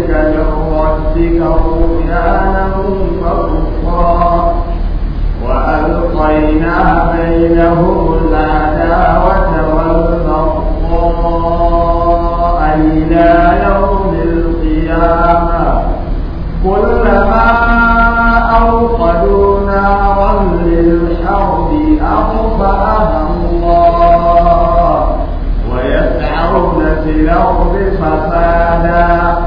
ذلك من ربك طغيانا فرقا وألقينا بينهم العداوة والبغضاء إلى يوم القيامة كلما أوقدوا نارا للحرب أطفأها الله ويسعون في الأرض فسادا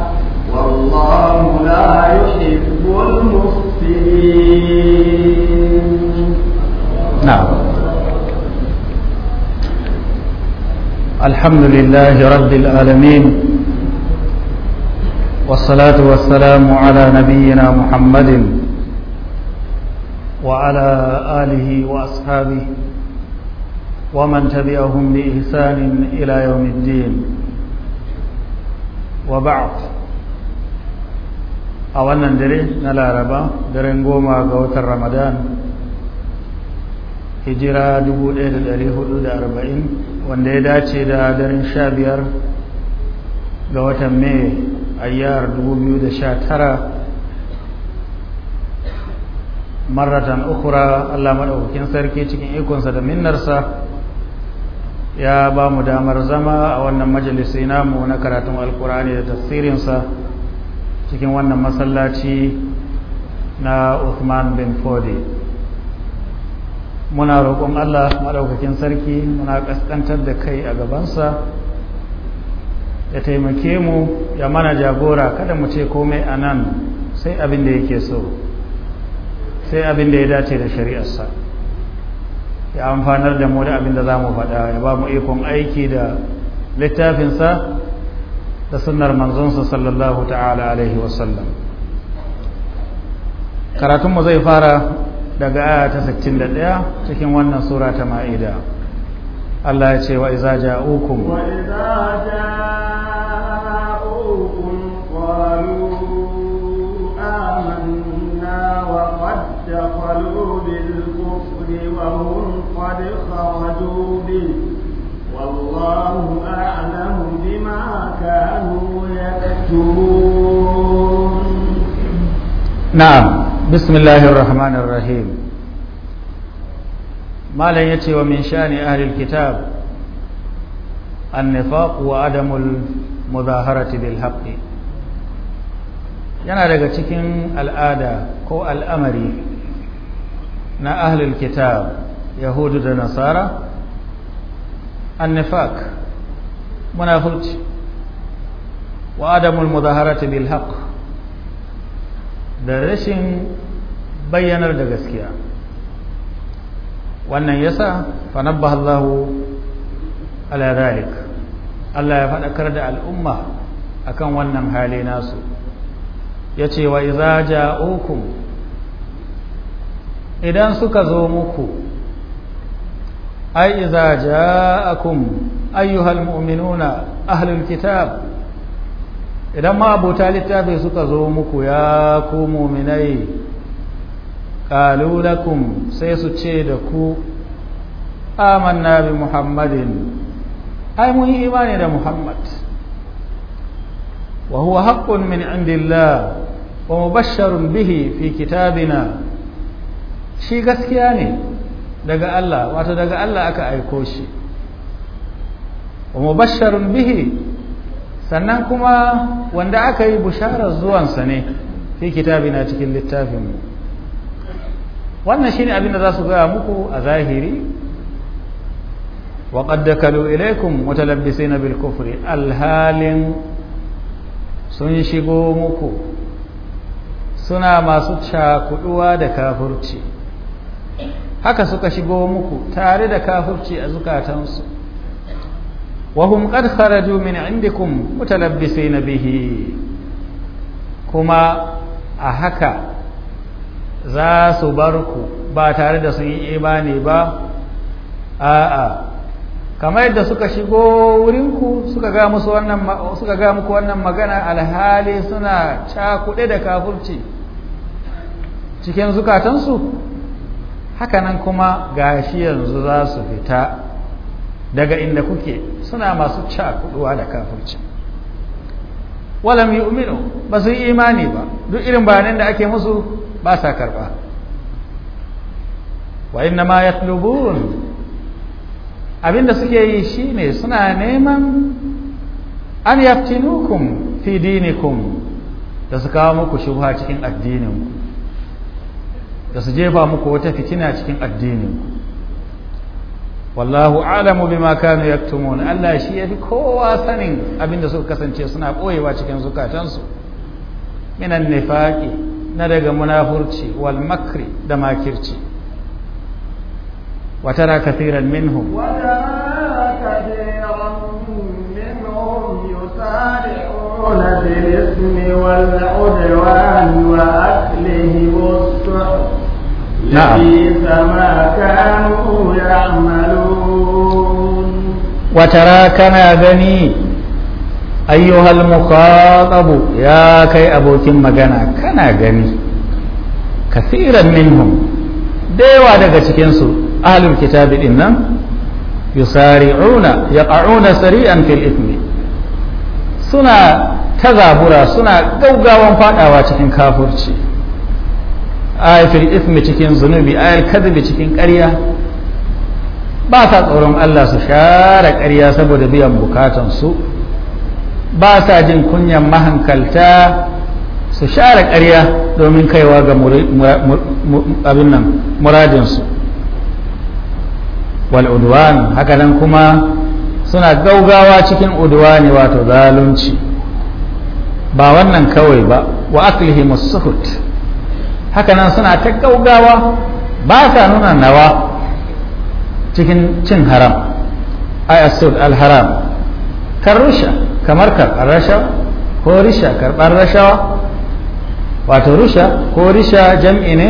يحب المفسدين نعم الحمد لله رب العالمين والصلاة والسلام على نبينا محمد وعلى آله وأصحابه ومن تبعهم بإحسان إلى يوم الدين وبعد a wannan dare na laraba daren goma ga watan ramadan hijira 1440 wanda ya dace da daren sha biyar ga watan mai ayyar 2019 maratan ukura allah maɗaukakin sarki cikin ikonsa da minnarsa ya ba mu damar zama a wannan majalisi namu na karatun alkurani da tafsirinsa cikin wannan masallaci na Uthman bin Fodi muna roƙon Allah maɗaukakin sarki muna ƙasƙantar da kai a gabansa ya taimake mu ya mana jagora kada mu ce komai a nan sai abin da yake so sai abin da ya dace da shari'arsa ya amfanar da mu da abin da za mu faɗa ya ba mu ikon aiki da littafinsa da sunar manzonsa sallallahu ta'ala alaihi wasallam karatunmu zai fara daga aya ta 61 cikin wannan sura ta ma'ida Allah ya ce wa iza ja'ukum wa iza ja'ukum qalu amanna wa qad dakhalu bil kufri wa hum qad kharaju bihi والله أعلم بما كانوا يكتبون نعم بسم الله الرحمن الرحيم ما لا يتي ومن شأن أهل الكتاب النفاق وعدم المظاهرة بالحق yana daga cikin al'ada ko al'amari na ahlul kitab yahudu da nasara النفاق منافرج وعدم المظاهرة بالحق da rashin bayyanar da gaskiya wannan yasa fanabbaha Allahu ala dhalik Allah ya faɗakar da al'umma akan wannan hali nasu yace wa idza ja'ukum idan suka zo muku أي إذا جاءكم muminuna المؤمنون أهل الكتاب idan ma abota littafi suka zo muku ya ku muminai kalulakum sai su ce da ku amanna bi muhammadin ai mun yi imani da muhammad wa haƙƙun haqqun min indillah wa mubashsharun bihi fi kitabina shi gaskiya ne daga Allah wato daga Allah aka aiko shi wa mubashsharun bihi sannan kuma wanda aka yi bisharar zuwansa ne fi na cikin littafinmu wannan shine abin da za su gaya muku a zahiri wa qad dakalu ilaykum mutalabbisina bil kufri alhalin sun shigo muku suna masu cakuduwa da kafurci. haka suka shigo muku tare da kafirci a zukatansu wahum qad kharaju min indikum mutalabbisina bihi kuma a haka za su bar ku ba tare da sun yi imani ba a'a kamar yadda suka shigo wurinku suka ga musu wannan suka ga muku wannan magana alhali suna cakuɗe da kafirci cikin zukatansu hakanan kuma gashi yanzu za su fita daga inda kuke suna masu cakuduwa da kafirci walam yu'minu ba su yi imani ba duk irin bayanan da ake musu ba sa karba wa inna ma yatlubun abinda suke yi shine suna neman an yaftinukum fi dinikum da su kawo muku shubha cikin addininku da su jefa muku wata fitina cikin addini wallahu alamu bima kanu yaktumun Allah shi yafi kowa sanin abinda suka kasance suna boyewa cikin zukatansu minan nifaqi na daga munafurci wal makri da makirci wa tara kathiran minhum wa tara kathiran minhum yusari'una bil ismi wal udwan wa aklihim as نعم ما كانوا يعملون وتراكنا بني أيها المخاطب يا كي أبوك مجانا كنا غني كثيرا منهم ديوا daga cikinsu ahlul kitabi din nan yusari'una yaqa'una sari'an fil ithmi suna tazabura suna gaugawan fadawa cikin kafurci ayatul ismi cikin zunubi ayar kadhibi cikin ƙarya ba sa tsoron Allah su share ƙarya saboda biyan bukatansu ba sa jin kunyan mahankalta su share ƙarya domin kaiwa ga abin nan muradinsu wal udwan haka nan kuma suna gaugawa cikin udwani wato zalunci ba wannan kawai ba wa aklihi musuhut hakanan suna ta gaugawa ba sa nuna nawa cikin cin haram al-haram alharam karusha kamar karɓar rasha ko risha karɓar rashawa wato rusha ko risha jam'i ne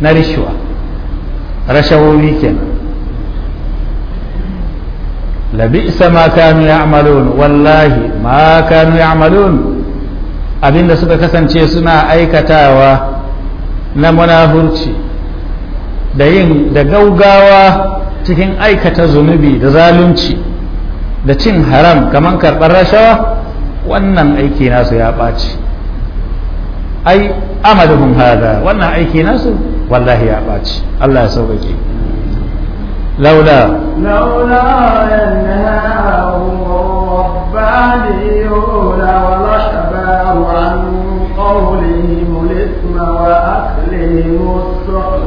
na rishuwa rashawowi kenan labisa ma kanu ya'malun wallahi ma kanu ya'malun abinda suka kasance suna aikatawa na munafurci da yin da gaugawa cikin aikata zunubi da zalunci da cin haram kamar karɓar rashawa wannan aiki nasu ya ɓaci ai amaluhum hada wannan aiki nasu wallahi ya ɓaci Allah ya sauƙaƙe laula laula yanhahum rabbaniyuna ويحرموا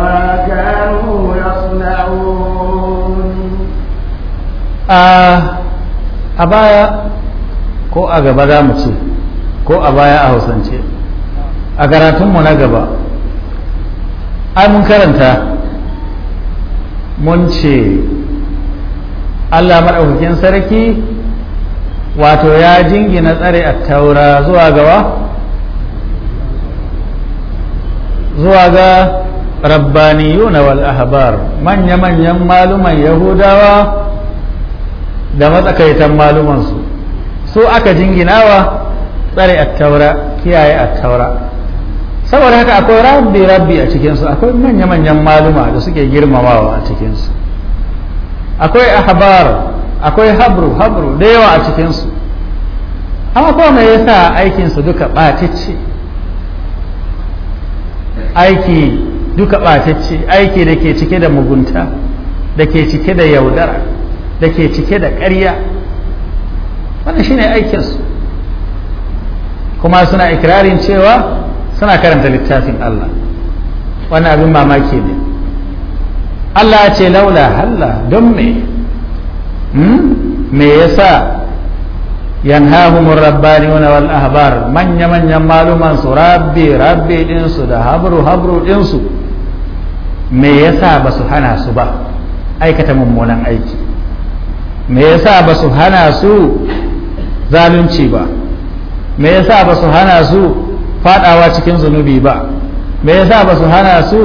ما كانوا يصنعون a baya ko a gaba za mu ce ko a baya a hausance a karatunmu na gaba ai mun karanta mun ce allah maɗaukakin sarki wato ya jingina tsare a taura zuwa gawa zuwa ga rabbaniyun wal ahbar manya-manyan maluman yahudawa da matsakaitan malumansu su aka jinginawa tsare taura kiyaye taura. saboda haka akwai rabbi rabbi a cikinsu akwai manya-manyan maluma da suke girmamawa a cikinsu akwai ahbar akwai habru habru da yawa a cikinsu amma ko me yasa su duka ɓatacce aiki duka ɓatacce aiki da ke cike da mugunta da ke cike da yaudara da ke cike da ƙarya wannan shine aikinsu kuma suna ikirarin cewa suna karanta littafin Allah wannan abin mamaki ne Allah ce laula halla don me hmm? me yasa yanhahum ar-rabbaniyun wal ahbar manya manyan maluman su rabbi rabbi su da habru habru din su me yasa ba su hana su ba aikata mummunan aiki me yasa ba su hana su zalunci ba me yasa ba su hana su fadawa cikin zunubi ba me yasa ba su hana su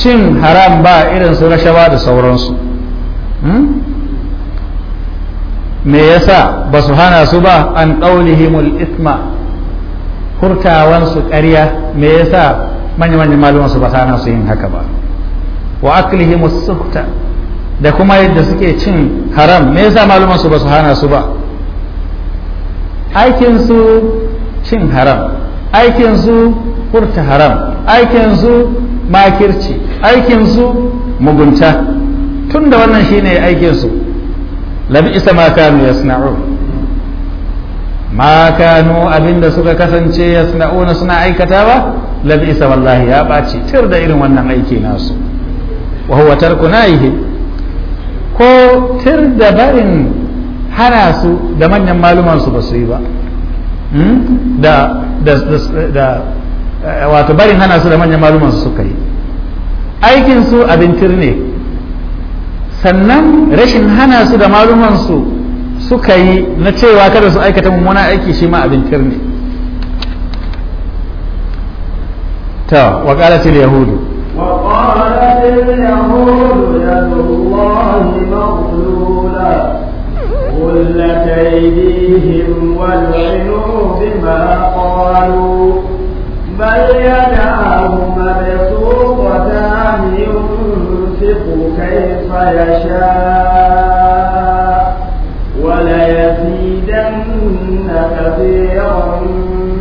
cin haram ba irin su rashawa da sauransu hmm? me yasa ba su hana su ba an qaulihimul isma hurtawansu ƙarya me yasa manya manyan malaman su ba hana su yin haka ba wa aklihimus sukta da kuma yadda suke cin haram me yasa malaman su ba su hana su ba aikin su cin haram aikin su furta haram aikin su makirci aikin su mugunta da wannan shine aikin su labi isa ma kanu yasna'u ma kanu abinda suka kasance na suna aikata labi isa wallahi ya ɓaci tir da irin wannan aiki nasu wa huwa tarku nahihi ko tir da barin hana su da manyan maluman su ba su yi ba hmm? da da wato barin hana su da manyan maluman su suka yi aikin su abin tir ne sannan rashin hana su da malumansu suka yi na cewa kada su aikata mummuna aiki shi ma abin ne ta wa qalat da yahudu wa qalat al yahudu yadullahi maghlula غلت أيديهم ولعنوا بما قالوا بل يداه ينفق كيف يشاء وليزيدن كثيرا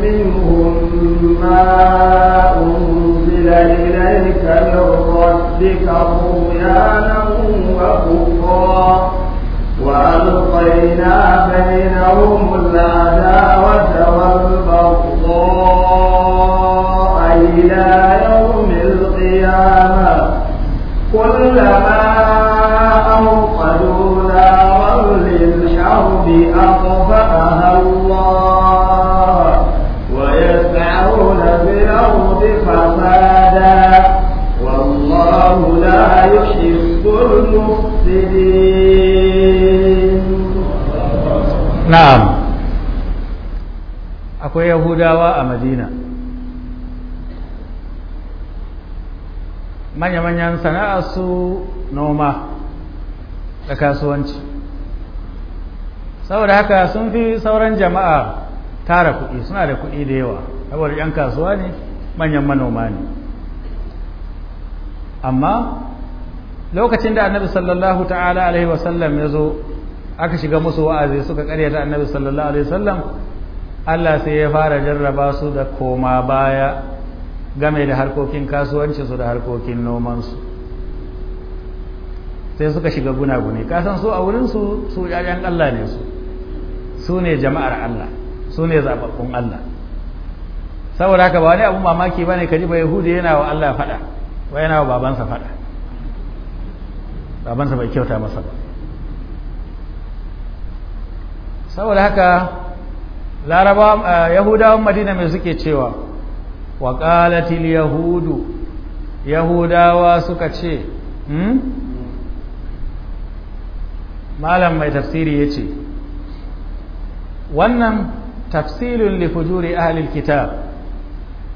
منهم ما أنزل إليك من ربك طغيانا وكفرا وألقينا بينهم العداوة والبغضاء إلى يوم القيامة كلما أوقدوا نارا للحرب أطفأها الله ويسعون في الأرض فسادا والله لا يحب المفسدين نعم akwai yahudawa a madina manya-manyan sana'a su noma da kasuwanci saboda haka sun fi sauran jama'a tara kuɗi suna da kuɗi da yawa saboda 'yan kasuwa ne manyan manoma ne amma lokacin da annabi sallallahu ta'ala alaihi wasallam ya zo aka shiga musu wa'azi suka karyata annabi sallallahu alaihi wasallam Allah sai ya fara jarraba su da koma baya game da harkokin kasuwancinsu da harkokin nomansu sai suka shiga gunagune kasan su a wurinsu su jajen Allah ne su su ne jama'ar Allah su ne zababbun Allah saboda haka ba wani abun mamaki ba ne kaji ba yahudi yana wa Allah faɗa wa yana wa babansa faɗa babansa bai kyauta masa ba saboda haka larabawa yahudawan madina mai suke cewa wa yahudu yahudawa suka ce hmm? malam mai tafsiri yace wannan tafsirin lifujuri fujuri kitab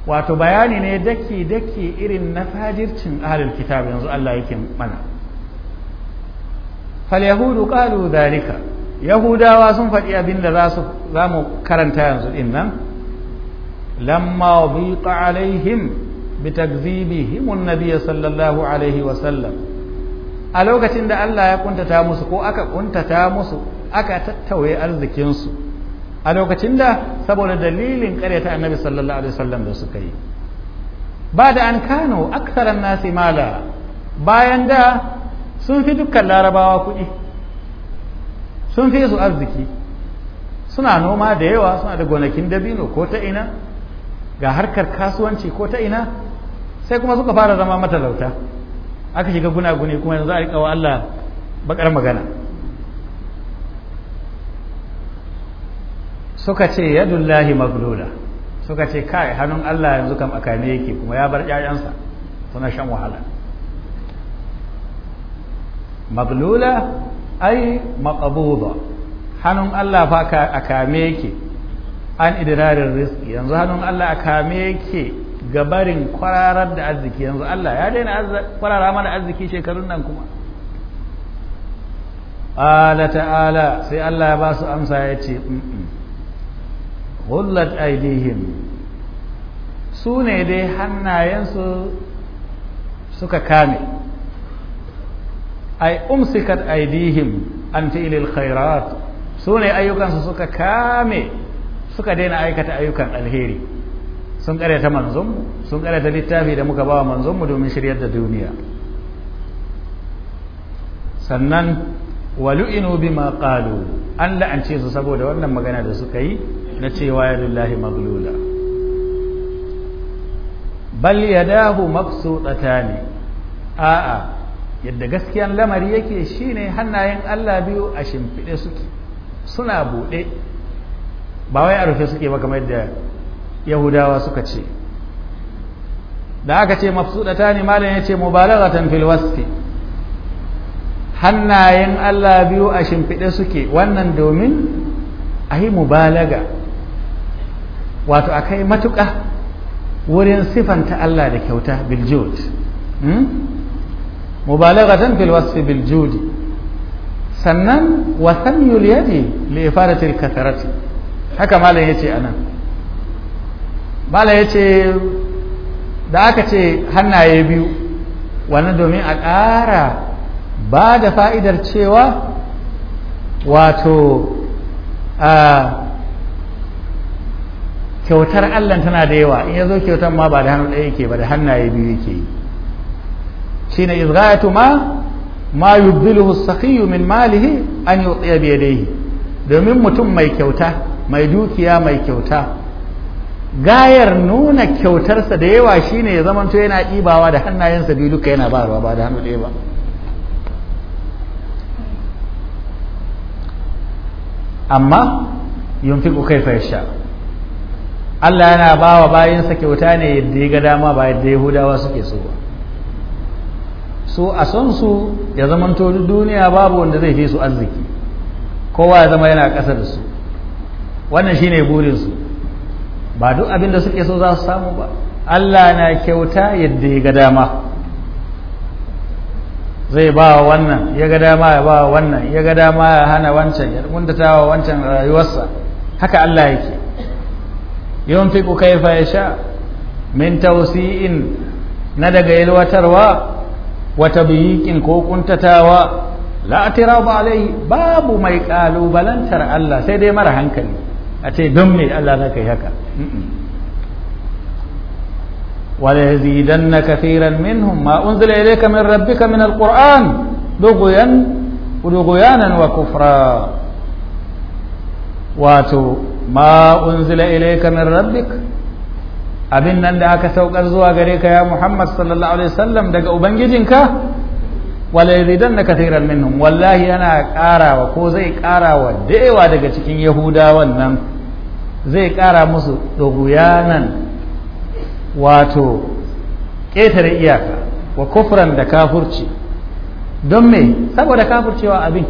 wato bayani ne daki daki irin na fajircin ahlil kitab yanzu Allah yake mana fal yahudu qalu yahudawa sun faɗi abin da za mu karanta yanzu din nan لما ضيق عليهم بتكذيبهم النبي صلى الله عليه وسلم a lokacin da Allah ya kuntata musu ko aka kuntata musu aka tattauya arzikinsu a lokacin da saboda dalilin ƙaryata annabi sallallahu alaihi wasallam da suka yi ba da an kano aksaran nasi mala bayan da sun fi dukkan larabawa kuɗi sun fi su arziki suna noma da yawa suna da gonakin dabino ko ta ina ga harkar kasuwanci ko ta ina sai kuma suka fara zama matalauta aka shiga gunaguni kuma yanzu a rikawa wa Allah bakar magana suka ce yadullahi maglula suka ce kai hannun Allah yanzu kam a kame yake kuma ya bar ƴaƴansa suna shan wahala maglula ai maqbuda hannun Allah fa a kame yake an idinarin riski yanzu hannun Allah a kame yake gabarin kwararar da arziki yanzu Allah ya daina kwarara mana arziki shekarun nan kuma ala ta'ala sai Allah ya ba su amsa ya ce hullat aidihim su ne dai hannayensu suka kame ai umsikat aidihim an fi'ilil khairat su ne ayyukansu suka kame suka daina aikata ayyukan alheri sun karyata manzon sun karyata littafi da muka bawa mu domin shiryar da duniya sannan walu'inu bima qalu an la'ance su saboda wannan magana da suka yi na cewa ya lillahi maglula bal yadahu mabsutatani a'a yadda gaskiyan lamari yake shine hannayen Allah biyu a shimfide suke suna bude ba wai a rufe suke ba kamar yadda yahudawa suka ce da aka ce mafsudata ne malam ya ce mubalaghatan fil wasfi hannayen Allah biyu a shimfiɗe suke wannan domin a yi mubalaga wato a kai matuƙa wurin sifanta Allah da kyauta biljud hmm? mubalaghatan fil wasfi biljudi sannan wasan samyul yadi li ifadatil katharati haka malam ya ce a malam ya ce da aka ce hannaye biyu wannan domin a ƙara ba da fa'idar cewa wato a kyautar allah tana da yawa in ya zo kyautar ma ba da hannu ɗaya yake ba da hannaye biyu yake yi shi ne izgayatu ma ma yubdiluhu sakhiyu min malihi an yutsiya biyadaihi domin mutum mai kyauta mai dukiya mai kyauta gayar nuna kyautarsa da yawa shine ya zamanto yana ɗibawa da hannayensa biyu duka yana ba ba da hannu ɗaya ba amma fi kaifa Allah yana ba wa bayinsa kyauta ne yadda ya ga dama ba yadda Yahudawa suke so ba so a son su ya zamanto duniya babu wanda zai fi su arziki kowa ya zama yana ƙasa da su wannan shi ne burinsu ba duk abin da suke so za su samu ba Allah na kyauta yadda ya ga dama zai ba wa wannan ya ga dama ya ba wa wannan ya ga dama ya hana wancan ya ta wa wancan rayuwarsa haka Allah yake yunfiqu kayfa sha min tausi'in na daga yalwatarwa wata biyikin ko kuntatawa La'atira ba alaihi babu mai kalubalantar Allah sai dai mara hankali a ce don me Allah za ka yi haka وليزيدن كثيرا منهم ما أنزل min من ربك من القرآن بغيا بغيانا وكفرا واتو ما أنزل إليك min ربك abin nan da aka saukar zuwa gare ka ya Muhammad sallallahu alaihi wasallam daga ubangijinka wala yuridan na kathiran minhum wallahi yana karawa ko zai karawa da yawa daga cikin Yahuda wannan zai ƙara musu doguyanan wato ƙetare iyaka wa kufran da kafurci don me saboda kafurcewa abin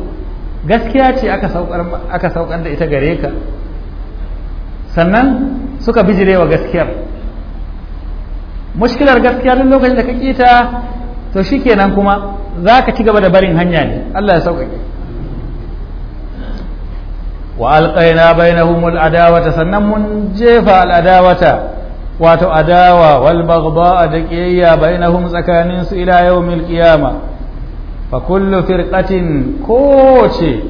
gaskiya ce aka saukar da ita gare ka sannan suka bijirewa gaskiyar mushkilar gaskiya duk lokacin da ka kita to shikenan kuma za ka ci gaba da barin hanya ne Allah ya sauƙaƙe wa alƙaina bainahum al'adawata sannan mun jefa al'adawata wato adawa wal baghdha da qiyya bainahum tsakanin su ila yawmil qiyama fa kullu firqatin kowace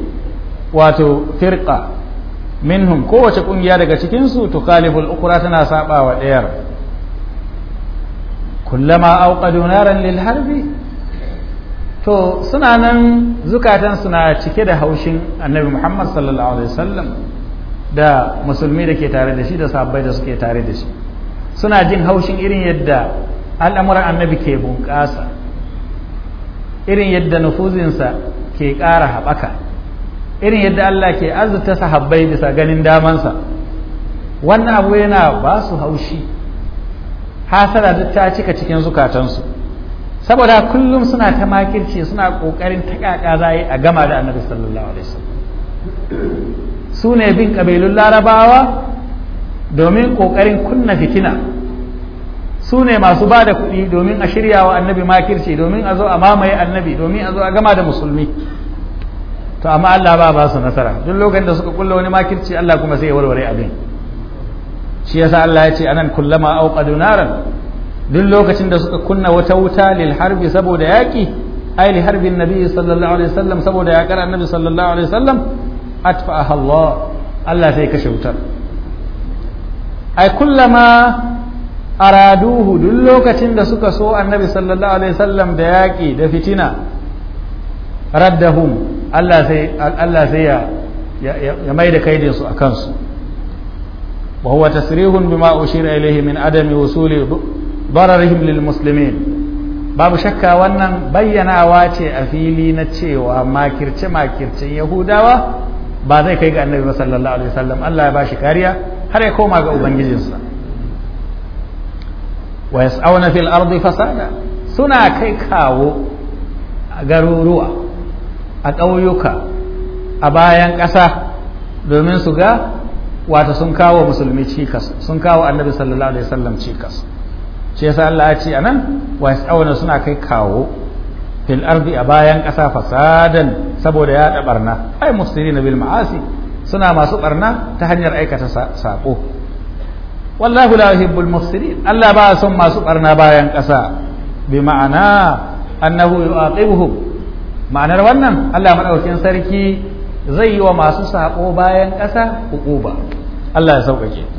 wato firqa minhum kowace kungiya daga cikin su tukhaliful ukra tana sabawa dayar kullama auqadu naran lil harbi to suna nan zukatan suna cike da haushin annabi muhammad sallallahu alaihi wasallam da musulmi da ke tare da shi da sahabbai da suke tare da shi suna jin haushin irin yadda al'amuran annabi ke bunƙasa irin yadda nufuzinsa ke ƙara haɓaka irin yadda Allah ke azurta sahabbai bisa ganin damansa wannan abu yana ba su haushi hasara duk ta cika cikin zukatansu saboda kullum suna ta makirci suna kokarin ta kaka za a gama da annabi sallallahu alaihi wasallam su ne bin kabilun larabawa domin kokarin kunna fitina su ne masu ba da kuɗi domin a shirya wa annabi makirci domin a zo a mamaye annabi domin a zo a gama da musulmi to amma Allah ba ba su nasara duk lokacin da suka kulla wani makirci Allah kuma sai ya warware abin shi yasa Allah ya ce anan kullama auqadu naran duk lokacin da suka kunna wata wuta lil harbi saboda yaƙi, ay harbin nabi sallallahu alaihi wasallam saboda yakar annabi sallallahu alaihi wasallam Allah Allah sai kashe wutar ay kullama araduhu duk lokacin da suka so annabi sallallahu alaihi wasallam da yaki da fitina raddahum Allah sai Allah sai ya ya mai da kaidin su akan su wa huwa tasrihun bima ushira ilayhi min adami dararihim lil muslimin babu shakka wannan bayyanawa ce a fili na cewa makirce makircen yahudawa ba zai kai ga annabi sallallahu alaihi wasallam Allah ya bashi kariya har ya koma ga ubangijinsa wa yas'awna fil ardi fasada suna kai kawo a garuruwa a ƙauyuka a bayan ƙasa domin su ga wata sun kawo musulmi cikas sun kawo annabi sallallahu alaihi wasallam cikas shi yasa Allah ya ce anan wa yas'awna suna kai kawo fil ardi a bayan ƙasa fasadan saboda ya da barna ai musirina bil ma'asi suna masu barna ta hanyar aikata sako wallahu la yuhibbul mufsidin Allah ba son masu barna bayan ƙasa bi ma'ana annahu yu'aqibuhum ma'anar wannan Allah madaukakin sarki zai yi wa masu sako bayan ƙasa hukuba Allah ya sauƙaƙe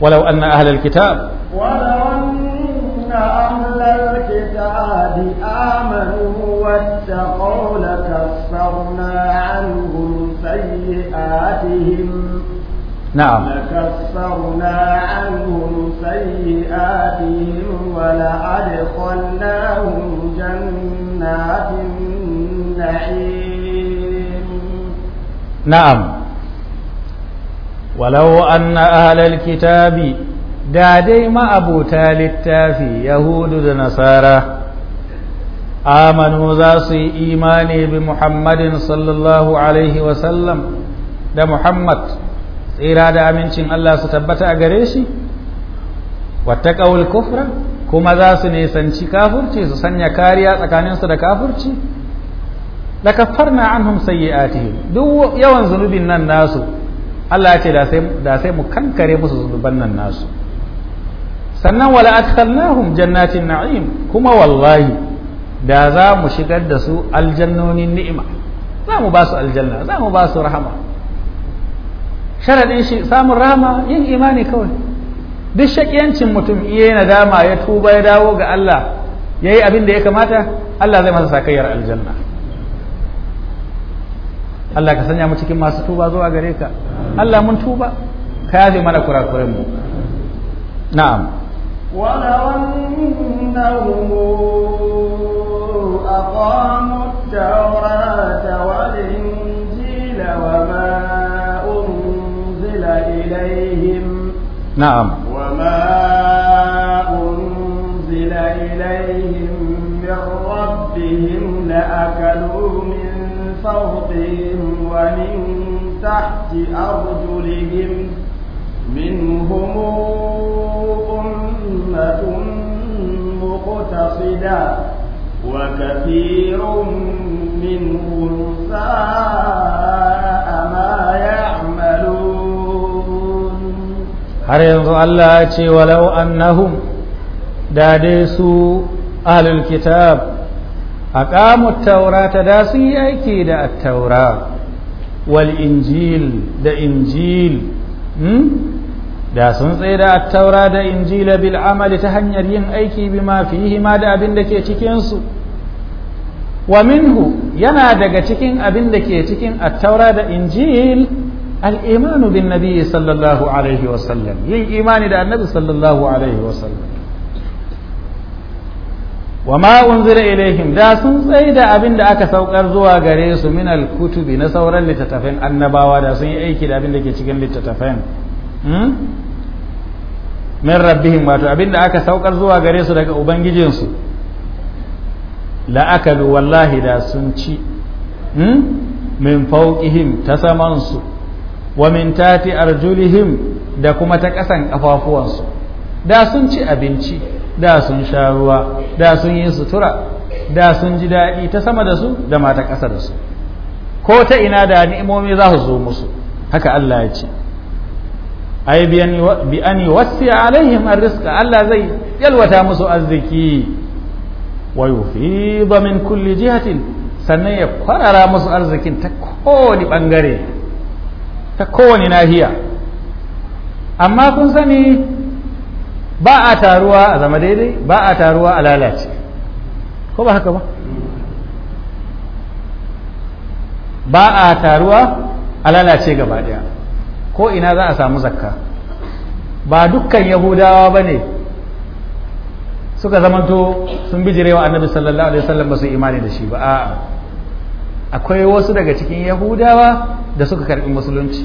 ولو أن أهل الكتاب ولو أن أهل الكتاب آمنوا واتقوا لكفرنا عنهم سيئاتهم نعم لكفرنا عنهم سيئاتهم ولأدخلناهم جنات النعيم نعم walau anna ahlal kitabi da dai ma'abuta littafi yahudu da nasara amanu za su yi imani bi muhammadin sallallahu da muhammad tsira da amincin Allah su tabbata a gare shi wata wattaqawul kufra kuma za su nisanci kafurci su sanya kariya tsakaninsu da kafurci lakaffarna anhum sayyi'atihim duk yawan zunubin nan nasu Allah ya ce da sai mu kankare musu zunuban nan nasu sannan wala akhalnahum jannatin na'im kuma wallahi da za mu shigar da su aljannonin ni'ima za mu ba su aljanna za mu ba su rahama sharadin shi samun rahama yin imani kawai duk shakiyancin mutum iya yana dama ya tuba ya dawo ga Allah yayi abin da ya kamata Allah zai masa sakayyar aljanna Allah ka sanya mu cikin masu tuba zuwa gare ka Allah mun tuba ka yafe mana kurakuren mu na'am ولو أنهم نعم وما أنزل إليهم من ربهم لأكلوا من فوقهم ومن تحت أرجلهم منهم أمة مقتصدة وكثير منهم ساء ما يعملون har yanzu Allah ya ce walau annahum da dai su ahlul kitab aqamu taurata da sun yi aiki da attaura wal injil da injil da sun tsaye da attaura da injila bil amali ta hanyar yin aiki bima fihi ma da abin da ke cikinsu. wa minhu yana daga cikin abin da ke cikin attaura da injil al-imanu bin nabi sallallahu alaihi wasallam yin imani da annabi sallallahu alaihi wasallam wa ma unzila ilaihim da sun tsaye da abin da aka saukar zuwa gare su min kutubi na sauran littattafan annabawa da sun yi aiki da abin da ke cikin littattafan hmm? min rabbihim wato abin da aka saukar zuwa gare su daga ubangijinsu la'akalu wallahi da sun ci hmm? min fauqihim ta samansu wa min tati arjulihim da kuma ta ƙasan ƙafafuwansu da sun ci abinci da sun sha ruwa da sun yi sutura da sun ji daɗi ta sama da su da mata ƙasa da su ko ta ina da ni'imomi za su zo musu haka Allah ya ce ai bi an yuwassi alaihim arrizqa Allah zai yalwata musu arziki wa yufida min kulli jihatin sannan ya kwarara musu arzikin ta kowane bangare ta kowane nahiya amma kun sani ba a taruwa a zama daidai ba a taruwa a lalace ko ba haka ba ba a taruwa a lalace gaba daya ko ina za a samu zakka ba dukkan yahudawa ba ne suka zamanto sun bijirewa annabi sallallahu alaihi wasallam ba su imani da shi ba a'a akwai wasu daga cikin yahudawa da suka karbi musulunci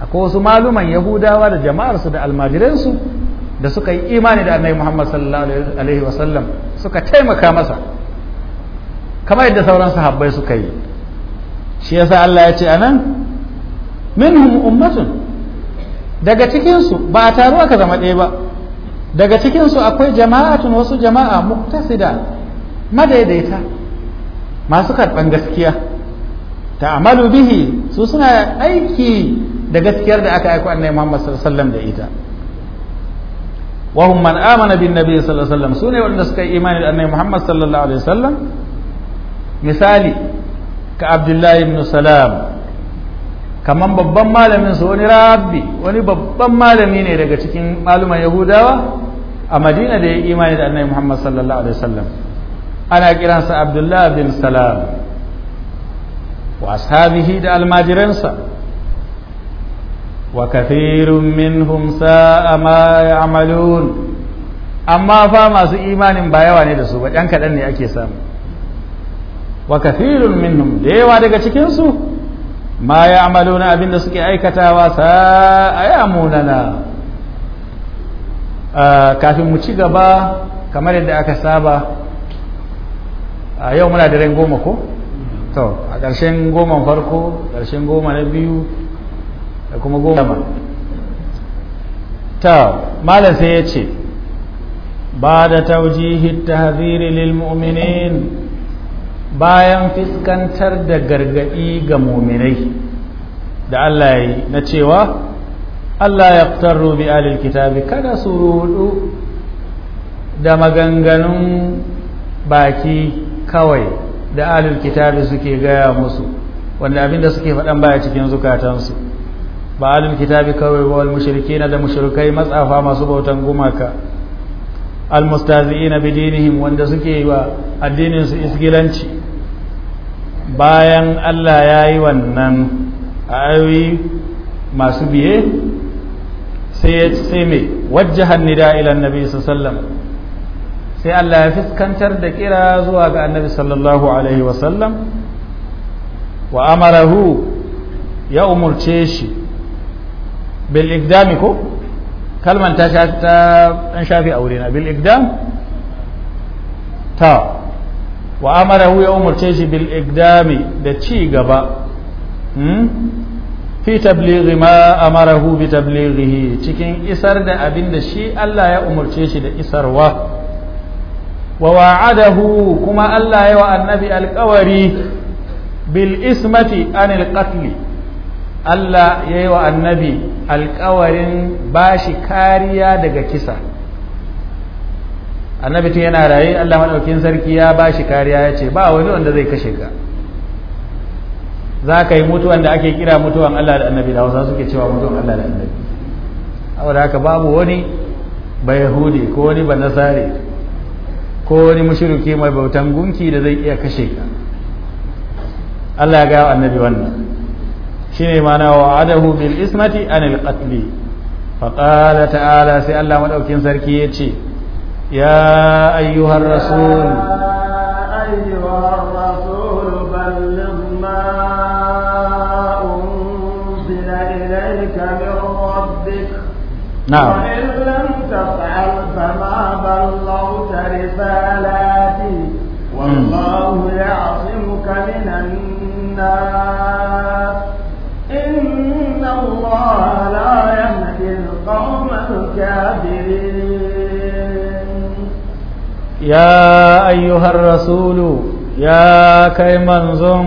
akwai wasu maluman yahudawa da jama'arsu da almajiransu da suka yi imani da annabi Muhammad sallallahu alaihi wasallam suka taimaka masa kamar yadda sauran sahabbai suka yi shi yasa Allah ya ce anan minhum ummatun daga cikinsu ba a taru aka zama ɗaya ba daga cikinsu akwai jama'atun wasu jama'a muktasida madaidaita masu karɓar gaskiya ta'amalu bihi su suna aiki da gaskiyar da aka aiko annabi Muhammad sallallahu alaihi wasallam da ita wahum man amana bin nabi sallallahu alaihi wasallam sune wanda suka yi imani da annabi Muhammad sallallahu alaihi wasallam misali ka Abdullahi ibn Salam kaman babban malamin su wani rabbi wani babban malami ne daga cikin maluman Yahudawa a Madina da ya imani da annabi Muhammad sallallahu alaihi wasallam ana kiransa Abdullah bin Salam wa ashabihi da almajiransa وكثير منهم ساء ما يعملون amma fa masu imanin ba yawa ne da su ba ɗan kaɗan ne ake samu wa kafirun minhum da yawa daga cikinsu ma ya amalo na abin da suke aikatawa sa a ya munana kafin mu ci gaba kamar yadda aka saba yau muna da ran goma ko to a ƙarshen goman farko ƙarshen goma na biyu da kuma goma ta malam sai ya ce ba da taujihi tahziri lil mu'minin bayan fiskantar da gargaɗi ga mu'minai da Allah ya yi na cewa Allah ya fitar bi alil kitabi kada su rudu da maganganun baki kawai da alil kitabi suke gaya musu wanda abinda suke faɗan baya cikin zukatansu ba kitabi kawai ba wal mushrikina da mushrikai matsafa masu bautan gumaka al mustazi'ina bidinihim wanda suke wa addinin su isgilanci bayan Allah ya yi wannan ayoyi masu biye sai ya ce mai wajjahan nida ila annabi sallam sai Allah ya fiskantar da kira zuwa ga annabi sallallahu alaihi wasallam wa amarahu ya umurce shi bil ikdami ko kalman ta an shafi aure bil ikdam ta wa amarahu ya umarce shi bil ikdami da ci gaba hmm? fi tablighi ma bi tablighihi cikin isar da abinda shi Allah ya umarce shi da isarwa wa wa'adahu kuma Allah ya wa annabi alƙawari bil ismati anil Allah ya yi wa annabi alkawarin ba shi kariya daga kisa annabi tun yana raye Allah maɗaukin sarki ya ba shi kariya ya ce ba wani wanda zai kashe ka za ka yi mutuwan da ake kira mutuwan Allah da annabi da hausa suke cewa mutuwan Allah da annabi saboda haka babu wani ba yahudi ko wani ba nasare ko wani mushriki mai bautan gunki da zai iya kashe ka Allah ya ga annabi wannan shine mana wa'adahu bil ismati anil qatl fa qala ta'ala sai Allah madaukin sarki yace ya ayyuhar rasul ayyuhar rasul balligh ma unzila ilayka تفعل فما بلغت رسالاتي والله يعصمك من الناس الكافرين يا أيها الرسول يا كي منظم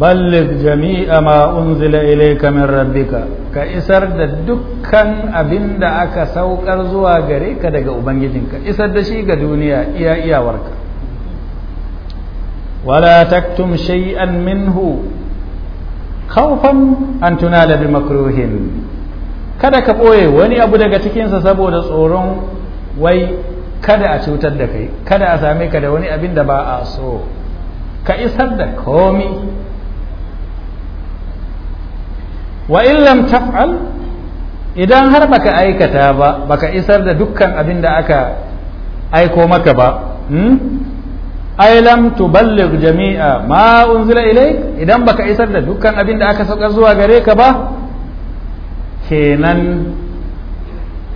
بلغ جميع ما أنزل إليك من ربك كإسر دكا أبن دعك سوك أرزوا غريك دقا أبنجدك إسر دشيك دنيا إيا إيا ورك ولا تكتم شيئا منه خوفا أن تنال بمكروه kada ka ɓoye wani abu daga cikinsa saboda tsoron wai kada a cutar da kai kada a same ka da wani abin da ba a so ka isar da komi wa in lam taf'al idan har baka aikata ba baka isar da dukkan abin da aka aiko maka ba hmm? ai lam tuballigh jami'a ma unzila ilayk idan baka isar da dukkan abin da aka sauka zuwa gare ka ba kenan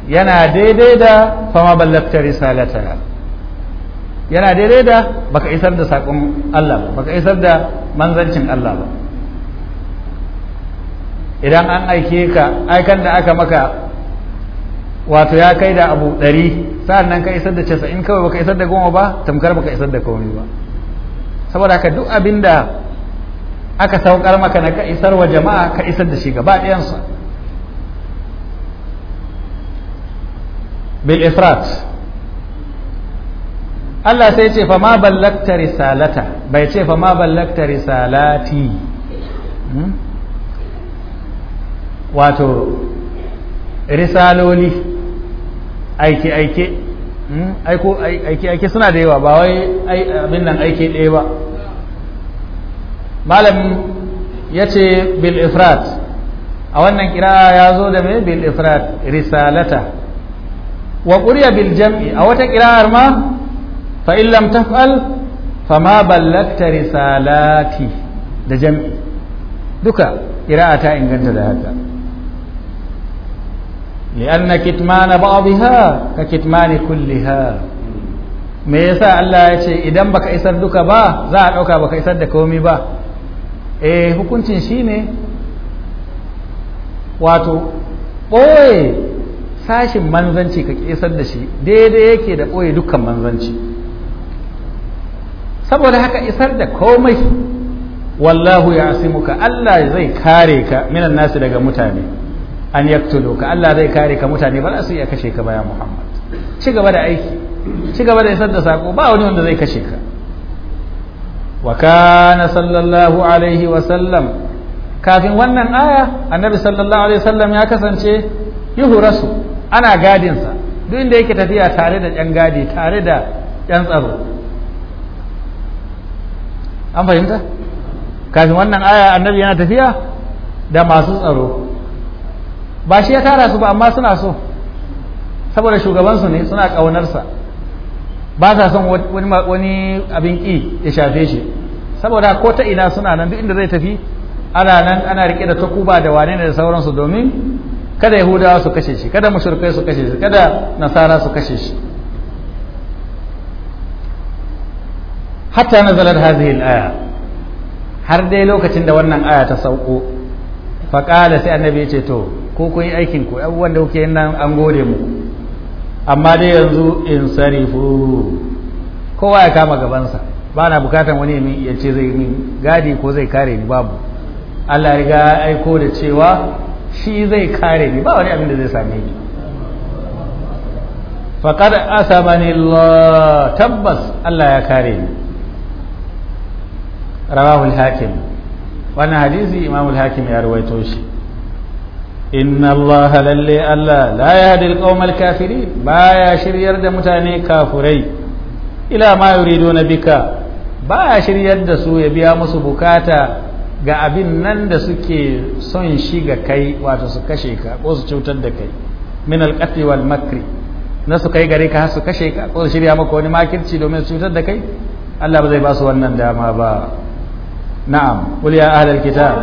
yana daidai da fama ballakta risalata yana daidai da baka isar da saƙon Allah ba baka isar da manzancin Allah ba idan an aike ka aikan da aka maka wato ya kai da abu ɗari sa'an nan ka isar da casa'in kawai baka isar da goma ba tamkar baka isar da komai ba saboda haka duk abin da aka saukar maka na ka isar wa jama'a ka isar da shi gaba ɗayansa bil ifrat Allah sai ce fa ma ballakta risalata bai ce fa ma ballakta risalati hmm? wato risaloli aike-aike hmm? aiko aike-aike suna da yawa ba wai abin nan aike ɗaya ba malam ya ce bil ifrat a wannan kira ya zo da me bil ifrat risalata wa quriya bil jam'i a wata qira'ar ma fa in lam taf'al fama ballagta risalati da jam'i duka qira'a ta inganta da haka لأن كتمان بعضها ككتمان كلها me yasa Allah ya ce idan baka isar duka ba za a ɗauka baka isar da komi ba eh hukuncin shine wato ɓoye sashin manzanci ka kesar da shi daidai yake da ɓoye dukkan manzanci saboda haka isar da komai wallahu ya ka Allah zai kare ka minan nasu daga mutane an yaktulo ka Allah zai kare ka mutane ba za su iya kashe ka baya Muhammad ci gaba da aiki ci gaba da isar da sako ba wani wanda zai kashe ka wa kana sallallahu alaihi wa sallam kafin wannan aya annabi sallallahu alaihi wa sallam ya kasance hurasu. ana gadinsa duk inda yake tafiya tare da yan gadi tare da yan tsaro an fahimta kafin wannan aya annabi yana tafiya da masu tsaro ba shi ya tara su ba amma suna so saboda shugabansu ne suna ƙaunarsa ba sa son wani abin ƙi ya shafe shi saboda ko ta ina suna nan duk inda zai tafi ana nan ana rike da takuba da wane ne da sauransu domin kada yahudawa su kashe shi kada mushrikai su kashe shi kada nasara su kashe shi hatta nazalar hadhihi al-aya har dai lokacin da wannan aya ta sauko fa qala sai annabi ce to ko kun yi aikin ku abubuwan da kuke nan an gode mu. amma dai yanzu in sarifu kowa ya kama gabansa ba na bukatan wani ya ce zai gadi ko zai kare ni babu Allah ya riga aiko da cewa shi zai kare ni ba wani abin da zai same ni faqad asabani Allah tabbas Allah ya kare ni rawahu al-hakim wannan hadisi imam al-hakim ya rawaito shi inna Allah lalle Allah la yahdi al-qawm al-kafirin baya shiryar da mutane kafurai ila ma yuriduna bika baya shiryar da su ya biya musu bukata ga abin nan da suke son shi ga kai wato su kashe ka ko su cutar da kai min alqatli wal makri na su kai gare ka su kashe ka ko su shirya maka wani makirci domin su cutar da kai Allah ba zai ba su wannan dama ba na'am qul ya ahli alkitab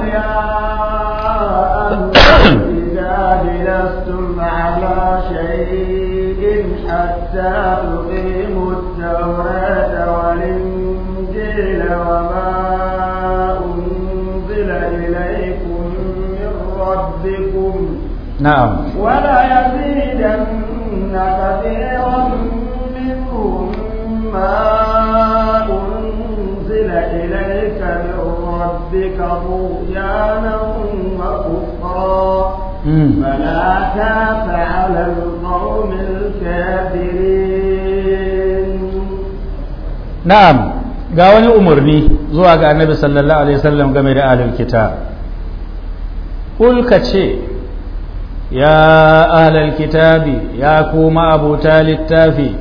حتى التوراة والإنجيل وما نعم ولا يزيدن كثيرا منهم ما أنزل إليك من ربك طغيانا ga wani umarni zuwa ga annabi sallallahu alaihi wasallam game da alil kita ka ce يا أهل الكتاب يا كوما أبو تال التافي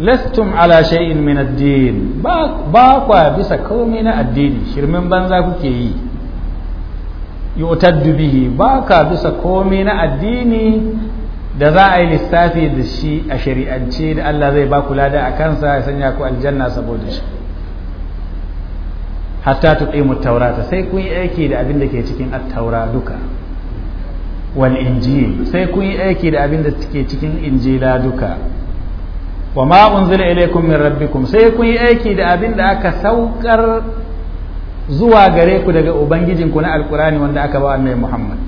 لستم على شيء من الدين باقوا بس كومنا الدين شرمن بنزا كي يؤتد به باقا بس كومنا الدين da za a yi lissafi da shi a shari'ance da Allah zai ba kula da a kansa ya sanya ku aljanna saboda shi hatta mu taurata sai kun yi aiki da abin da ke cikin at-taura duka wal injil sai kun yi aiki da abin da suke cikin injila duka wa ma unzila ilaykum min rabbikum sai kun yi aiki da abin da aka saukar zuwa gare ku daga ku na alkurani wanda aka ba annabi muhammad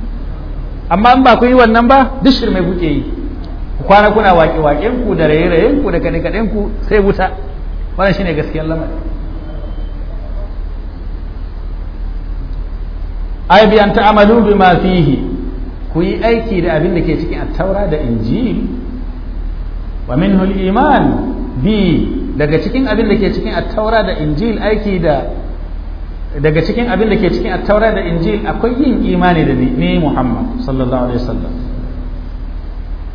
amma in ba ku yi wannan ba duk mai kuke yi kwana kuna waƙe waƙen ku da raye-rayen ku da kaɗe-kaɗen ku sai wuta wannan shine gaskiyar lamar. ai bi an ta'amalu bima fihi ku yi aiki da abin da ke cikin attaura da injil wa minhul iman bi daga cikin abin da ke cikin attaura da injil aiki da daga cikin abin da ke cikin attaura da injil akwai yin imani da ni muhammad sallallahu alaihi wasallam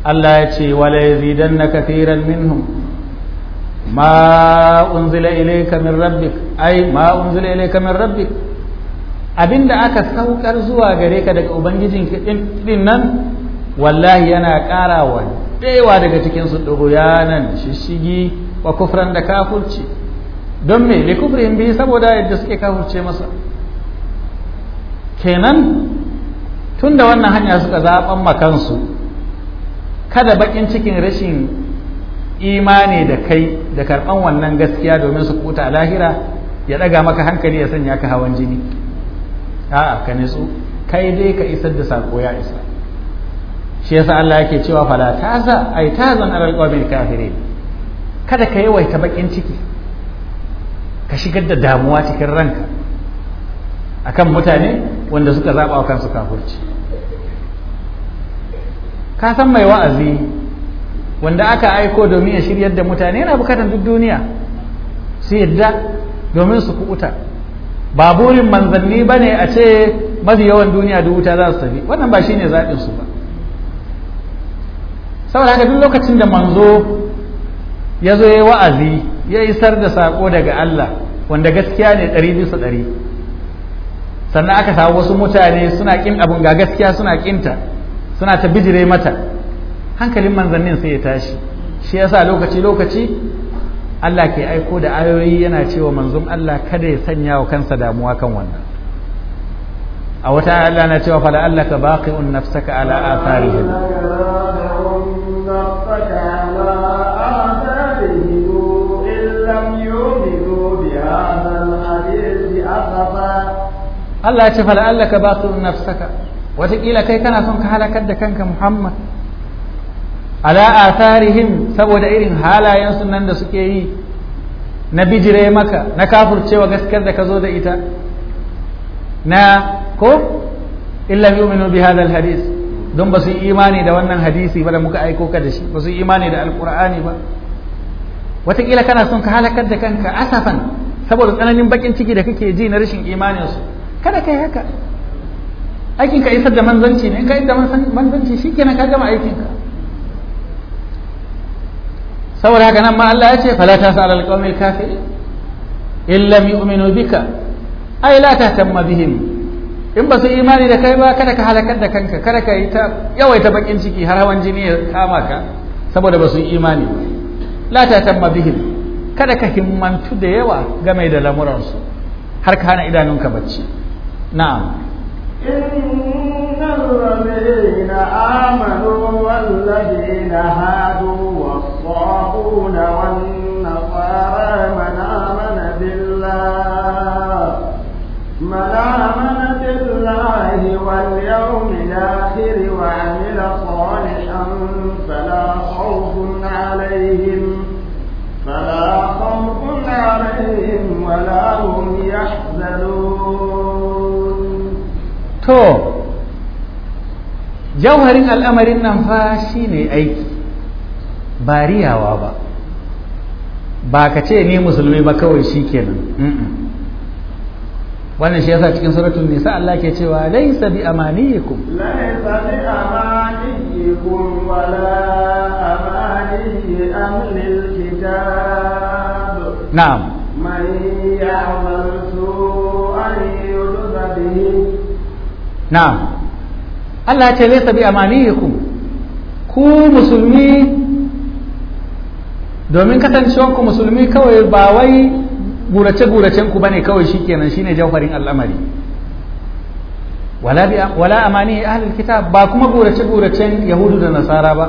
Allah ya ce wala yazidanna kathiran minhum ma unzila ilayka min rabbik ay ma unzila ilayka min rabbik Abin da aka saukar zuwa gare ka daga ubangijin din nan wallahi yana ƙara wa ɗewa daga cikin su nan shishigi wa kufran da kafurci don me li kufrin bi saboda yadda suke kafurce masa kenan tun da wannan hanya suka zaɓan makansu kada baƙin cikin rashin imani da kai da karɓan wannan gaskiya domin su kuta lahira ya ɗaga maka hankali ya sanya ka hawan jini a'a ka nitsu kai dai ka isar da sako ya isa shi yasa Allah yake cewa fala taza ai tazan alal qawmil kafirin kada ka waita bakin ciki ka shigar da damuwa cikin ranka akan mutane wanda suka zaba wa kansu kafirci ka san mai wa'azi wanda aka aiko domin ya shiryar da mutane yana bukatar duk duniya su yadda domin su kuɓuta ba burin manzanni ba ne a ce mafi yawan duniya da wuta za su tafi wannan ba shi ne su ba saboda haka duk lokacin da manzo ya zo ya yi wa'azi ya isar da saƙo daga Allah wanda gaskiya ne ɗari bisa ɗari sannan aka samu wasu mutane suna ƙin abin ga gaskiya suna ƙinta suna ta bijire mata hankalin manzannin sai ya tashi shi yasa lokaci lokaci Allah ke aiko da ayoyi yana cewa manzon Allah kada ya sanya wa kansa damuwa kan wannan a wata Allah na cewa fala Allah ka baqi'un nafsaka ala atharihim Allah ya ce fala Allah ka baqi'un nafsaka wataƙila kai kana son ka halakar da kanka Muhammad ala atharihim saboda irin halayen sunan da suke yi na bijire maka na kafurcewa gaskiyar da ka zo da ita na ko illa yu'minu bi hadha alhadith don ba su imani da wannan hadisi ba da muka aiko ka da shi ba su imani da alqur'ani ba wataƙila kana son ka halakar da kanka asafan saboda tsananin bakin ciki da kake ji na rashin imanin su kada kai haka aikin ka isar da manzanci ne in ka isar da manzanci shikenan ka gama aikin ka saboda haka nan ma Allah ya ce fala ta sa alal qawmil kafiri in lam yu'minu bika ai la tahtamma bihim in ba su imani da kai ba kada ka halakar da kanka kada ka yi ta yawaita bakin ciki har hawan jini ya kama ka saboda ba su imani la tahtamma bihim kada ka himmantu da yawa game da lamuransu har ka hana idanunka bacci na'am إن الذين آمنوا والذين هادوا الصابون والنصارى من آمن بالله من آمن بالله واليوم الآخر وعمل صالحا فلا خوف عليهم فلا خوف عليهم ولا هم يحزنون تو جوهر الأمر النفاش شيني أيكي ba riyawa ba ba ka ce ni musulmi ba kawai shi kenan wannan shi yasa cikin suratul nisa Allah ke cewa laysa bi amaniyikum laysa bi amaniyikum wala amaniyi ahlil kitab na'am man ya'mal su'an yudza bihi na'am Allah ce laysa bi amaniyikum ku musulmi domin kasancewanku musulmi kawai ba wai gurace guracen ku bane kawai shi shine jawharin al'amari wala bi wala amani ahlul ba kuma gurace guracen yahudu da nasara ba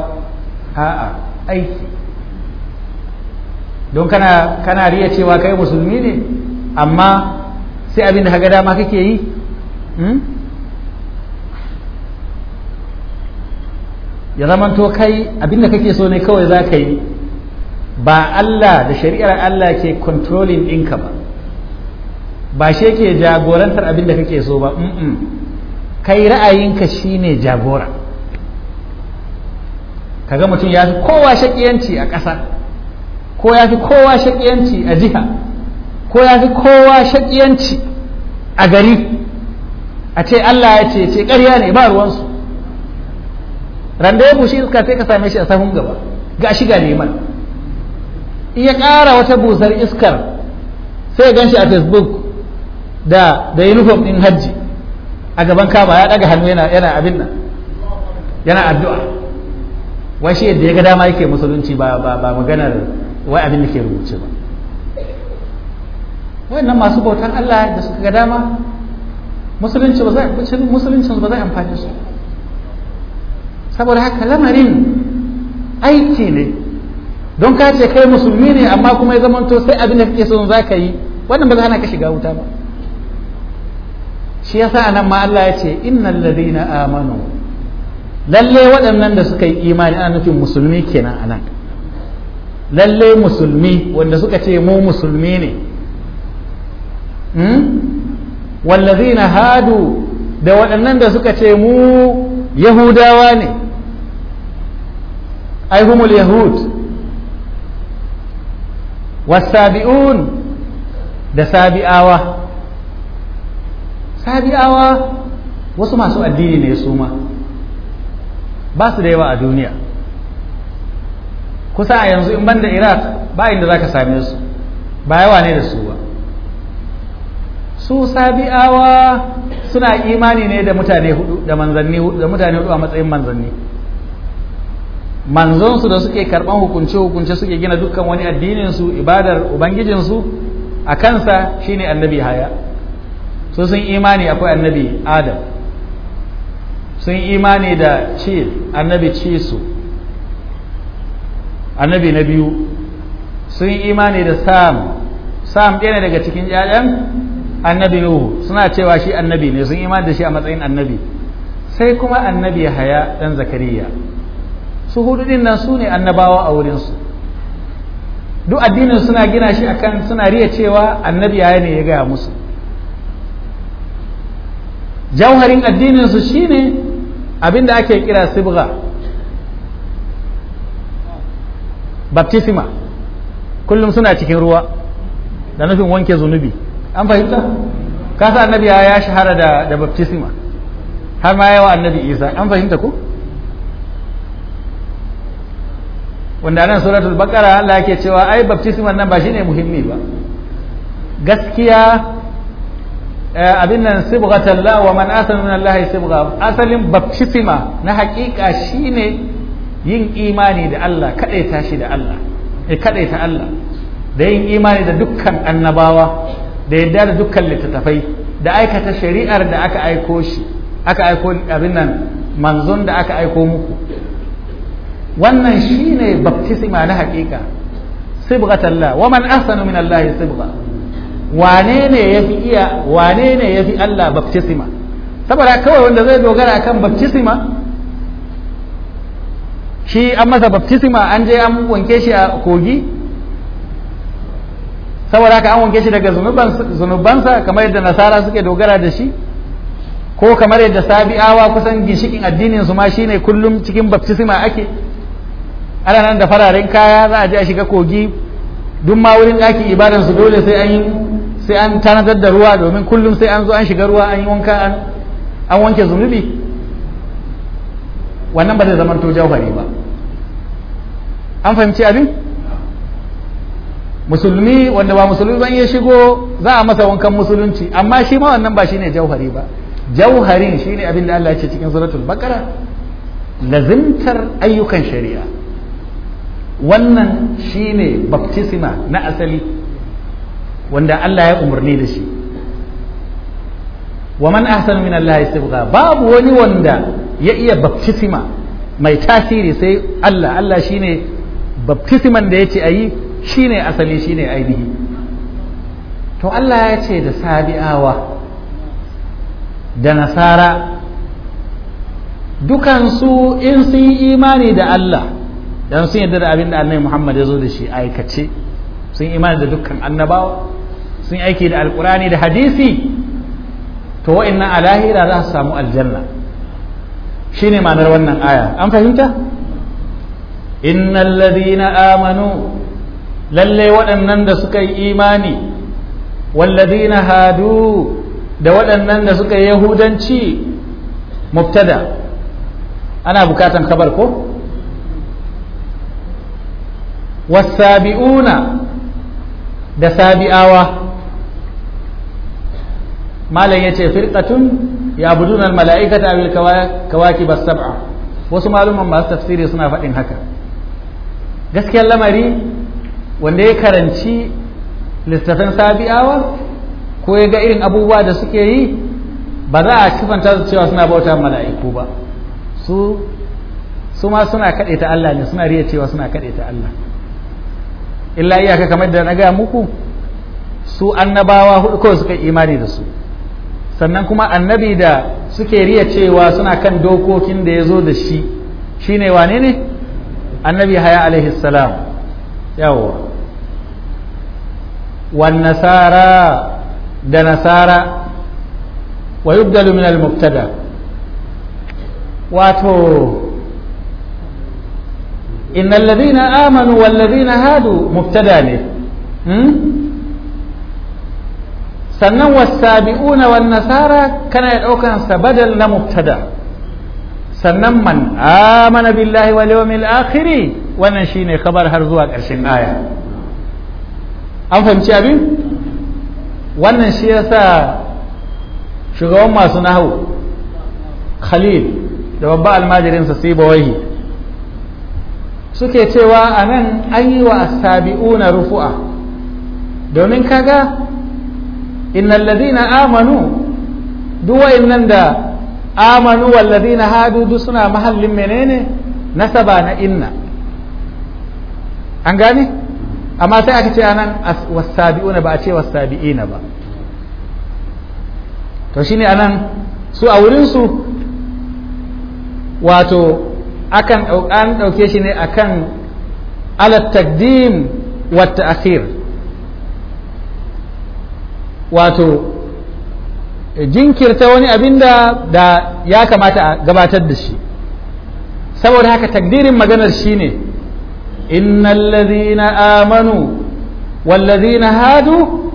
a'a aiki don kana kana riya cewa kai musulmi ne amma sai abin da ka ma kake yi hmm? ya zamanto kai abinda kake so ne kawai za ka yi ba Allah da shari'ar Allah ke controlling ɗinka ba ba shi ke jagorantar abin da kake so ba kai ra'ayinka shi ne jagora kaga mutum ya fi kowa shaƙiyanci a ƙasa ko ya fi kowa shaƙiyanci a jiha ko ya fi kowa shaƙiyanci a gari a ce Allah ya ce ce ƙarya ne ba ruwansu randa ya bushe iska sai ka same shi a sahun gaba ga shiga ga neman iya ƙara wata busar iskar sai gan shi a facebook da da uniform ɗin hajji a gaban kaba ya ɗaga hannu yana yana abin nan yana addu'a wai shi yadda ya ga dama yake musulunci ba ba ba maganar wai abin da ke rubuce ba wayannan masu bautan Allah da suka ga dama musulunci ba zai musulunci ba zai amfani su saboda haka lamarin aiki ne don ka ce kai musulmi ne amma kuma ya zamanto sai abin da kake son zaka yi wannan ba za hana ka shiga wuta ba shi yasa anan ma Allah ya ce innal ladina amanu lalle waɗannan da suka yi imani ana nufin musulmi kenan anan lalle musulmi wanda suka ce mu musulmi ne hmm? wallazina hadu da waɗannan da suka ce mu yahudawa ne ai humul yahud wasabi'un da sabi'awa sabi'awa wasu masu addini ne su ma ba su da yawa a duniya kusa a yanzu in banda iraq ba inda za ka same su ba yawa ne da su ba su sabi'awa suna imani ne da mutane hudu da manzanni da mutane hudu a matsayin manzanni manzonsu da suke karɓan hukunce-hukunce suke gina dukkan wani addininsu ibadar ubangijinsu a kansa shine annabi haya so sun imani akwai annabi adam sun imani da ce annabi su annabi na biyu sun imani da sam sam ɗaya ne daga cikin ƴaƴan annabi nuhu suna cewa shi annabi ne sun imani da shi a matsayin annabi sai kuma annabi haya ɗan zakariya su hudu din nan su ne annabawa a wurinsu duk addinin suna gina shi akan suna riya cewa annabi yaya ne ya gaya musu jauharin addininsu shine abin da ake kira sibga baptisma kullum suna cikin ruwa da nufin wanke zunubi an fahimta kasa annabi ya shahara da baptisma har ma yawa annabi isa an fahimta ko wanda nan suratul baqara Allah yake cewa ai baptisman nan ba shine muhimmi ba gaskiya eh, abin nan sibghatan la wa man asana min Allah sibgha asalin baptisma na hakika shine yin imani da Allah kadaita shi da Allah eh kadaita Allah da yin imani da dukkan annabawa da yadda da dukkan littattafai da aikata shari'ar da aka aiko shi aka aiko abin nan manzon da aka aiko muku wannan shine baptisma na hakika sibghatallah wa man ahsanu min Allah sibga. wane ne yafi iya wane ne yafi Allah baptisma saboda kawai wanda zai dogara akan baptisma shi an masa baptisma an je an wanke shi a kogi saboda haka an wanke shi daga zunubansa kamar yadda nasara suke dogara da shi ko kamar yadda sabi'awa kusan ginshikin addinin su ma shine kullum cikin baptisma ake ana nan da fararen kaya za a je a shiga kogi duk ma wurin ɗakin ibadan su dole sai an yi sai an tanadar da ruwa domin kullum sai an zo an shiga ruwa an yi wanka an wanke zunubi wannan ba zai zama to jawhari ba an fahimci abin musulmi wanda ba musulmi ban ya shigo za a masa wankan musulunci amma shi ma wannan ba shine jawhari ba jawharin shine abin da Allah ya ce cikin suratul baqara lazimtar ayyukan shari'a wannan shine baptisma na asali wanda Allah ya umarni da shi wa man ahsan min Allah istibgha babu wani wanda ya iya baptisma mai tasiri sai Allah Allah shine baptisman da yace ayi shine asali shine ainihi to Allah ya ce da sabi'awa da nasara dukansu in sun yi imani da Allah Don sun yarda da abin da annabi Muhammad ya zo da shi aikace sun imani da dukkan annabawa sun aiki da alkurani da hadisi to wa'annan a lahira za su samu aljanna shine ma'anar wannan aya an fahimta innal ladina amanu lalle waɗannan da suka yi imani walladina hadu da waɗannan da suka yi yahudanci mubtada ana bukatan kabar ko wasabi'una da sabi'awa malam yace firqatun ya'buduna al-mala'ikata bil kawakib as-sab'a wasu maluman masu tafsiri suna faɗin haka Gaskiya lamari wanda ya karanci littafin sabi'awa ko ya ga irin abubuwa da suke yi ba za a kifanta su cewa suna bauta mala'iku ba su su ma suna kaɗe ta Allah ne suna riya cewa suna kaɗe ta Allah illa iyaka kamar da na gaya muku su annabawa hudu kawai suka imani da su sannan kuma annabi da suke riya cewa suna kan dokokin da ya zo da shi shine wane ne annabi haya alaihi salam yawwa wan nasara da nasara wa yubdalu min al wato إن الذين آمنوا hadu, هادوا مبتدا ne hmm? sannan wasabi'una wan nasara kana ya daukan sa badal na mubtada sannan man amana billahi wal yawmil akhir wannan shine kabar har zuwa ƙarshen aya an fahimci abin wannan shi yasa shugaban masu nahu khalil da babba almajirinsa sai bawahi suke cewa a nan an yi wa asabi'una rufu'a domin kaga innal ladina amanu duk nan da amanu wal ladina hadu duk suna mahallin menene nasaba na inna an gane amma sai aka ce anan wasabi'una ba a ce wasabi'ina ba to shine anan su a wurinsu wato akan an ɗauke shi ne akan alat takdim wa wato jinkirta wani abin da ya kamata a gabatar da shi saboda haka takdirin maganar shi ne innal amanu wal hadu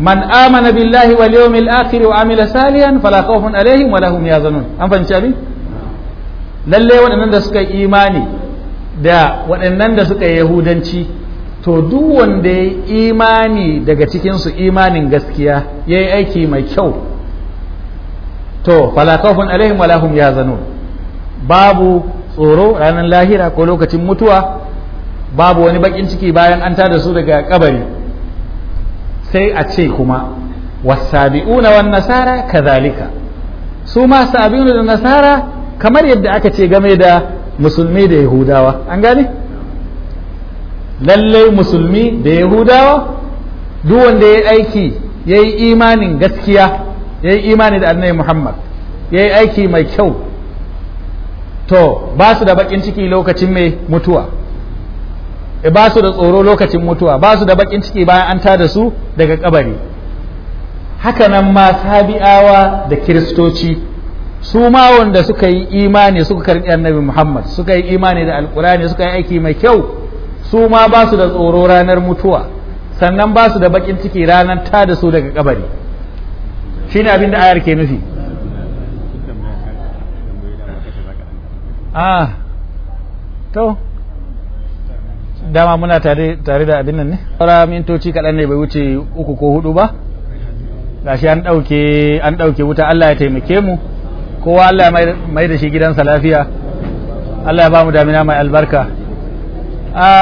man amana billahi wal yawmil akhiri wa amila salihan fala khawfun alaihim wa lahum yazanun an fahimci abin Lallai waɗannan da suka yi imani da waɗannan da suka yi yahudanci to duk wanda ya imani daga cikinsu imanin gaskiya ya yi aiki mai kyau to falakafin alaihim walahum ya zano babu tsoro ranar lahira ko lokacin mutuwa babu wani bakin ciki bayan an tada su daga kabari sai a ce kuma wasabi'una wan nasara kazalika su ma sabi'una da nasara kamar yadda aka ce game da musulmi da yahudawa an gane lallai musulmi da yahudawa duk wanda ya aiki ya yi imanin gaskiya ya yi imani da annabi muhammad ya yi aiki mai kyau to ba su da bakin ciki lokacin mai mutuwa e, ba su da tsoro lokacin mutuwa ba su da bakin ciki bayan an tada su daga kabari hakanan ma sabi'awa da kiristoci su ma wanda suka yi imani suka karbi annabi Muhammad suka yi imani da alkurani suka yi aiki mai kyau su ma ba su da tsoro ranar mutuwa sannan ba su da bakin ciki ranar ta da su daga kabari shine abin da ayar ke nufi ah to dama muna tare da abin nan ne saura mintoci kaɗan ne bai wuce uku ko hudu ba gashi an ɗauke an ɗauke wuta Allah ya taimake mu kowa Allah ya mai da shi gidansa lafiya Allah ya ba mu damina mai albarka ah.